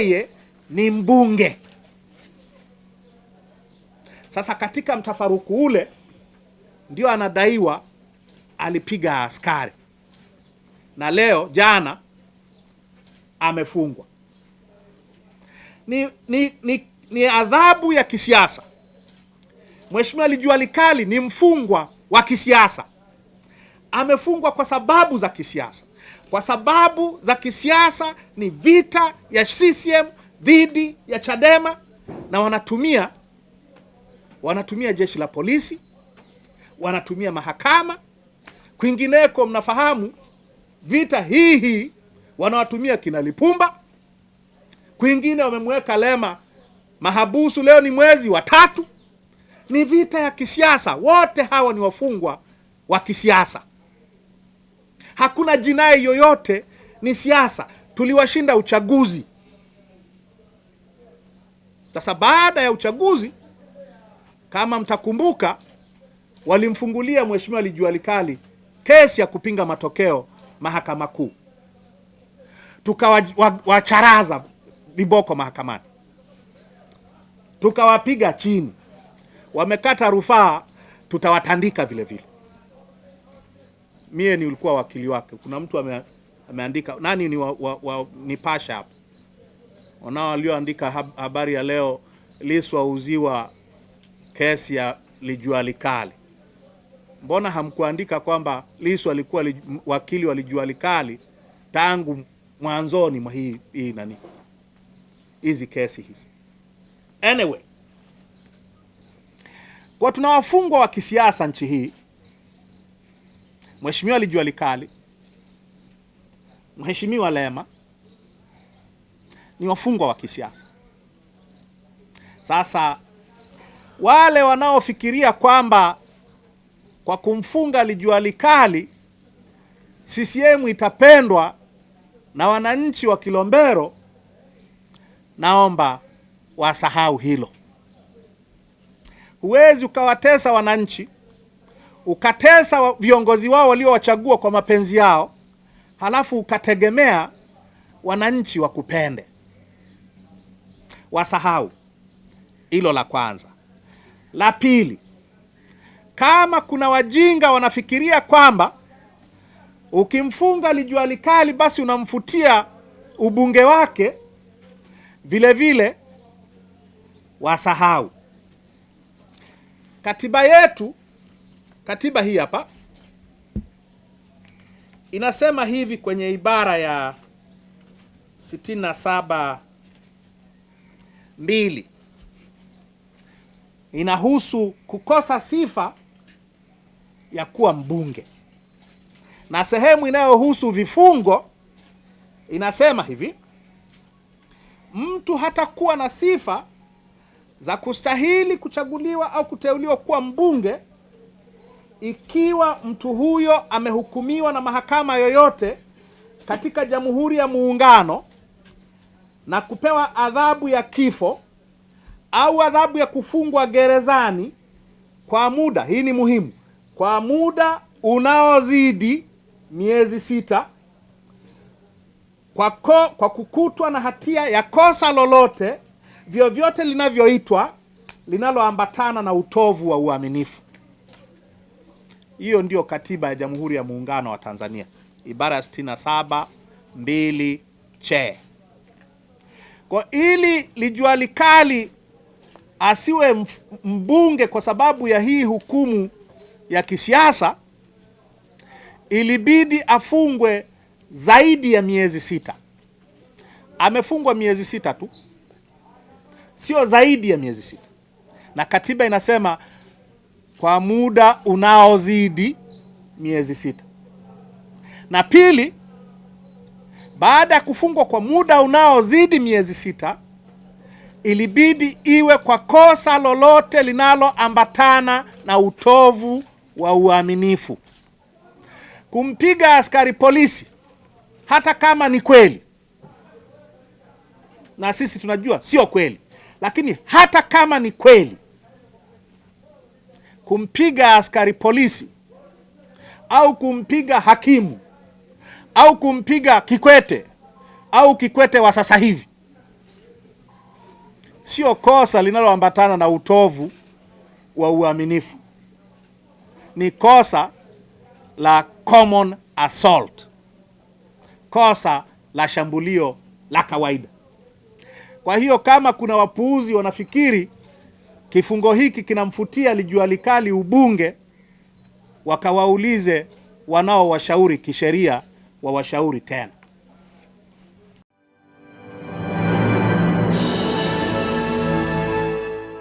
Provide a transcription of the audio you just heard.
yeye ni mbunge. Sasa katika mtafaruku ule ndio anadaiwa alipiga askari na leo jana amefungwa. Ni, ni, ni, ni adhabu ya kisiasa. Mheshimiwa Lijua Likali ni mfungwa wa kisiasa, amefungwa kwa sababu za kisiasa. Kwa sababu za kisiasa ni vita ya CCM dhidi ya Chadema na wanatumia wanatumia jeshi la polisi, wanatumia mahakama. Kwingineko mnafahamu vita hii hii wanawatumia kina Lipumba, kwingine wamemweka Lema mahabusu, leo ni mwezi wa tatu. Ni vita ya kisiasa, wote hawa ni wafungwa wa kisiasa. Hakuna jinai yoyote, ni siasa. Tuliwashinda uchaguzi. Sasa baada ya uchaguzi, kama mtakumbuka, walimfungulia mheshimiwa lijualikali kesi ya kupinga matokeo mahakama kuu, tukawacharaza viboko mahakamani, tukawapiga chini. Wamekata rufaa, tutawatandika vile vile mie ni ulikuwa wakili wake. Kuna mtu ame, ameandika nani ni wa, wa, wa, Nipasha hapa wanao walioandika habari ya leo, Lissu auziwa kesi ya lijualikali. Mbona hamkuandika kwamba Lissu alikuwa li, wakili wa likali tangu mwanzoni mwa hii hii nani hizi kesi hizi? Anyway, kwa tuna wafungwa wa kisiasa nchi hii Mheshimiwa lijua likali, Mheshimiwa Lema ni wafungwa wa kisiasa. Sasa wale wanaofikiria kwamba kwa kumfunga lijua likali CCM itapendwa na wananchi wa Kilombero, naomba wasahau hilo. Huwezi ukawatesa wananchi ukatesa viongozi wao waliowachagua kwa mapenzi yao, halafu ukategemea wananchi wakupende. Wasahau hilo la kwanza. La pili, kama kuna wajinga wanafikiria kwamba ukimfunga lijuali kali basi unamfutia ubunge wake vile vile, wasahau katiba yetu Katiba hii hapa inasema hivi kwenye ibara ya 672 mbili, inahusu kukosa sifa ya kuwa mbunge, na sehemu inayohusu vifungo inasema hivi: mtu hatakuwa na sifa za kustahili kuchaguliwa au kuteuliwa kuwa mbunge ikiwa mtu huyo amehukumiwa na mahakama yoyote katika Jamhuri ya Muungano na kupewa adhabu ya kifo au adhabu ya kufungwa gerezani kwa muda, hii ni muhimu, kwa muda unaozidi miezi sita kwa, ko, kwa kukutwa na hatia ya kosa lolote vyovyote linavyoitwa linaloambatana na utovu wa uaminifu. Hiyo ndiyo katiba ya Jamhuri ya Muungano wa Tanzania, ibara ya 67 mbili che. Kwa ili lijuali kali asiwe mbunge kwa sababu ya hii hukumu ya kisiasa, ilibidi afungwe zaidi ya miezi sita. Amefungwa miezi sita tu, sio zaidi ya miezi sita, na katiba inasema kwa muda unaozidi miezi sita, na pili, baada ya kufungwa kwa muda unaozidi miezi sita ilibidi iwe kwa kosa lolote linaloambatana na utovu wa uaminifu. Kumpiga askari polisi hata kama ni kweli, na sisi tunajua sio kweli, lakini hata kama ni kweli, kumpiga askari polisi au kumpiga hakimu au kumpiga Kikwete au Kikwete wa sasa hivi sio kosa linaloambatana na utovu wa uaminifu, ni kosa la common assault, kosa la shambulio la kawaida. Kwa hiyo kama kuna wapuuzi wanafikiri Kifungo hiki kinamfutia lijualikali ubunge, wakawaulize wanaowashauri kisheria, wawashauri tena.